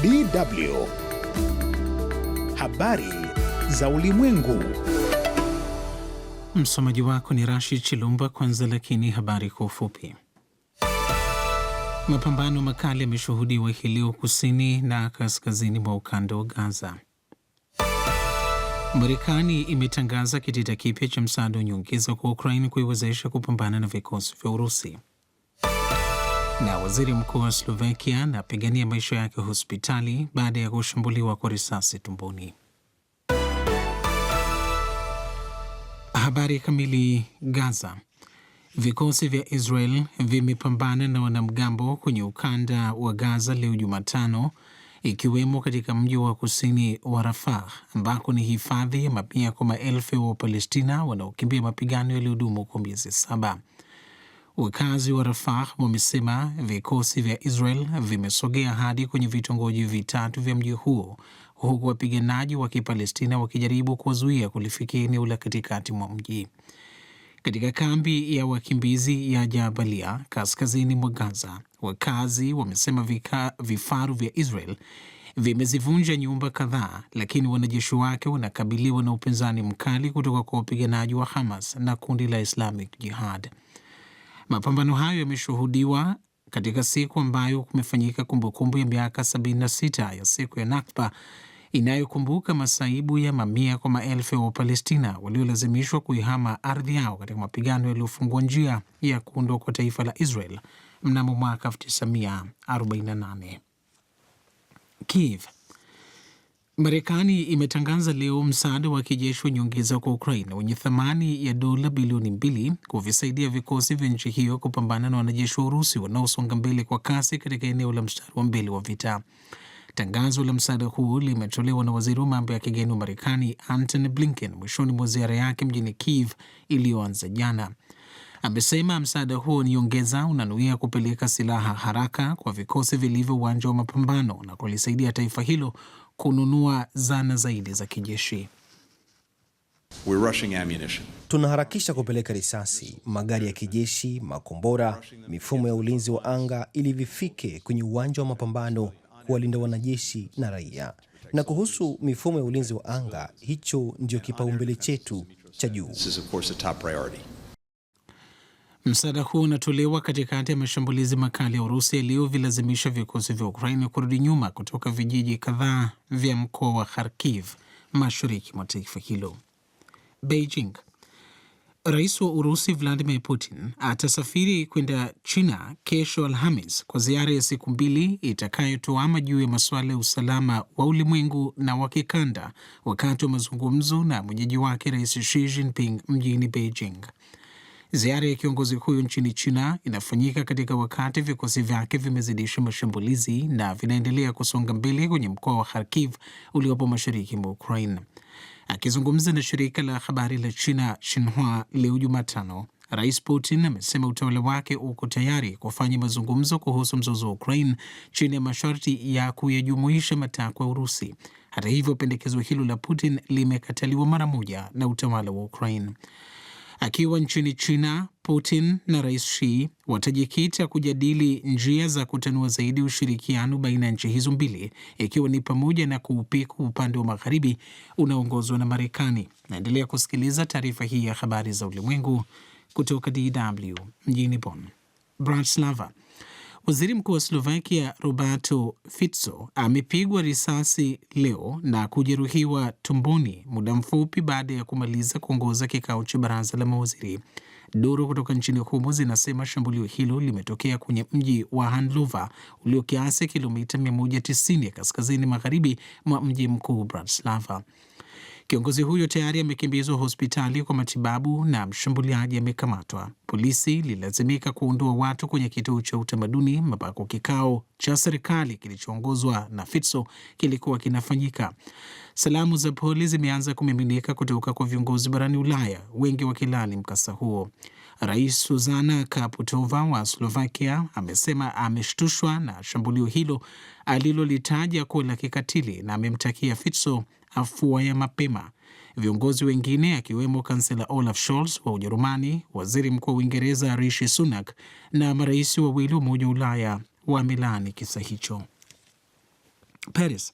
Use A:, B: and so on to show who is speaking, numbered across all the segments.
A: DW. Habari za Ulimwengu. Msomaji wako ni Rashid Chilumba. Kwanza lakini habari kwa ufupi. Mapambano makali yameshuhudiwa hii leo kusini na kaskazini mwa ukanda wa Gaza. Marekani imetangaza kitita kipya cha msaada wa nyongeza kwa Ukraine kuiwezesha kupambana na vikosi vya Urusi. Na waziri mkuu wa Slovakia anapigania maisha yake hospitali baada ya kushambuliwa kwa risasi tumboni. Habari kamili. Gaza, vikosi vya Israel vimepambana na wanamgambo kwenye ukanda wa Gaza leo Jumatano, ikiwemo katika mji wa kusini wa Rafah ambako ni hifadhi ya mamia kwa maelfu ya Wapalestina wanaokimbia mapigano yaliyodumu kwa miezi saba. Wakazi wa Rafah wamesema vikosi vya Israel vimesogea hadi kwenye vitongoji vitatu vya mji huo huku wapiganaji wa Kipalestina wakijaribu kuwazuia kulifikia eneo la katikati mwa mji. Katika kambi ya wakimbizi ya Jabalia kaskazini mwa Gaza, wakazi wamesema vika, vifaru vya Israel vimezivunja nyumba kadhaa, lakini wanajeshi wake wanakabiliwa na upinzani mkali kutoka kwa wapiganaji wa Hamas na kundi la Islamic Jihad. Mapambano hayo yameshuhudiwa katika siku ambayo kumefanyika kumbukumbu ya miaka 76 ya siku ya Nakba inayokumbuka masaibu ya mamia kwa maelfu ya Wapalestina waliolazimishwa kuihama ardhi yao katika mapigano yaliyofungua njia ya kuundwa kwa taifa la Israel mnamo mwaka 1948. Kiev Marekani imetangaza leo msaada wa kijeshi wa nyongeza kwa Ukraina wenye thamani ya dola bilioni mbili kuvisaidia vikosi vya nchi hiyo kupambana na wanajeshi wa Urusi wanaosonga mbele kwa kasi katika eneo la mstari wa mbele wa vita. Tangazo la msaada huu limetolewa na waziri wa mambo ya kigeni wa Marekani Antony Blinken mwishoni mwa ziara yake mjini Kiev iliyoanza jana amesema msaada huo niongeza unanuia kupeleka silaha haraka kwa vikosi vilivyo uwanja wa mapambano na kulisaidia taifa hilo kununua zana zaidi za kijeshi.
B: Tunaharakisha kupeleka risasi, magari ya kijeshi, makombora, mifumo ya ulinzi wa anga ili vifike kwenye uwanja wa mapambano kuwalinda wanajeshi na raia. Na kuhusu mifumo ya ulinzi wa anga, hicho ndio kipaumbele chetu cha juu.
A: Msaada huo unatolewa katikati ya mashambulizi makali ya Urusi yaliyovilazimisha vikosi vya Ukraini kurudi nyuma kutoka vijiji kadhaa vya mkoa wa Kharkiv mashariki mwa taifa hilo. Beijing. Rais wa Urusi Vladimir Putin atasafiri kwenda China kesho Alhamis kwa ziara ya siku mbili itakayotoama juu ya masuala ya usalama wa ulimwengu na wa kikanda, wakati wa mazungumzo na mwenyeji wake Rais Xi Jinping mjini Beijing. Ziara ya kiongozi huyo nchini China inafanyika katika wakati vikosi vyake vimezidisha mashambulizi na vinaendelea kusonga mbele kwenye mkoa wa Kharkiv uliopo mashariki mwa Ukraine. Akizungumza na shirika la habari la China Xinhua leo Jumatano, Rais Putin amesema utawala wake uko tayari kufanya mazungumzo kuhusu mzozo wa Ukraine chini ya masharti ya kuyajumuisha matakwa ya Urusi. Hata hivyo, pendekezo hilo la Putin limekataliwa mara moja na utawala wa Ukraine. Akiwa nchini China, Putin na Rais Xi watajikita kujadili njia za kutanua zaidi ushirikiano baina ya nchi hizo mbili, ikiwa ni pamoja na kuupiku upande wa magharibi unaoongozwa na Marekani. Naendelea kusikiliza taarifa hii ya habari za ulimwengu kutoka DW mjini Bonn. Bratislava. Waziri mkuu wa Slovakia Roberto Fico amepigwa risasi leo na kujeruhiwa tumboni muda mfupi baada ya kumaliza kuongoza kikao cha baraza la mawaziri. Duru kutoka nchini humo zinasema shambulio hilo limetokea kwenye mji wa hanlova ulio kiasi kilomita 190 ya kaskazini magharibi mwa mji mkuu Bratislava. Kiongozi huyo tayari amekimbizwa hospitali kwa matibabu na mshambuliaji amekamatwa. Polisi lilazimika kuondoa watu kwenye kituo cha utamaduni ambako kikao cha serikali kilichoongozwa na Fitso kilikuwa kinafanyika. Salamu za pole zimeanza kumiminika kutoka kwa viongozi barani Ulaya, wengi wakilani mkasa huo. Rais Suzana Kaputova wa Slovakia amesema ameshtushwa na shambulio hilo alilolitaja kuwa la kikatili na amemtakia Fitso afua ya mapema. Viongozi wengine akiwemo kansela Olaf Scholz wa Ujerumani, waziri mkuu wa Uingereza Rishi Sunak na marais wawili wa Umoja wa Ulaya wamelaani kisa hicho. Paris.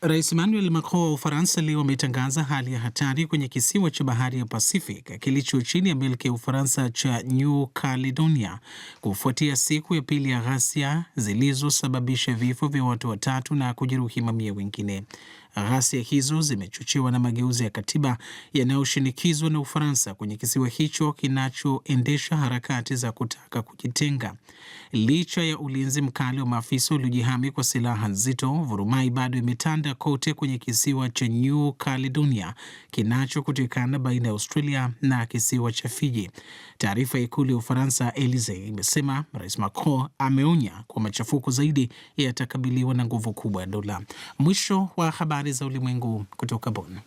A: Rais Emmanuel Macron wa Ufaransa leo ametangaza hali ya hatari kwenye kisiwa cha bahari ya Pacific kilicho chini ya milki ya Ufaransa cha New Caledonia kufuatia siku ya pili ya ghasia zilizosababisha vifo vya watu watatu na kujeruhi mamia wengine. Ghasia hizo zimechochewa na mageuzi ya katiba yanayoshinikizwa na Ufaransa kwenye kisiwa hicho kinachoendesha harakati za kutaka kujitenga. Licha ya ulinzi mkali wa maafisa waliojihami kwa silaha nzito, vurumai bado imetanda kote kwenye kisiwa cha New Caledonia kinachokutikana baina ya Australia na kisiwa cha Fiji. Taarifa ya ikulu ya Ufaransa Elize imesema Rais Macron ameonya kwa machafuko zaidi yatakabiliwa na nguvu kubwa ya dola. Mwisho wa habari habari za ulimwengu kutoka Bonn.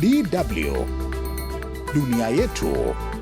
A: DW dunia yetu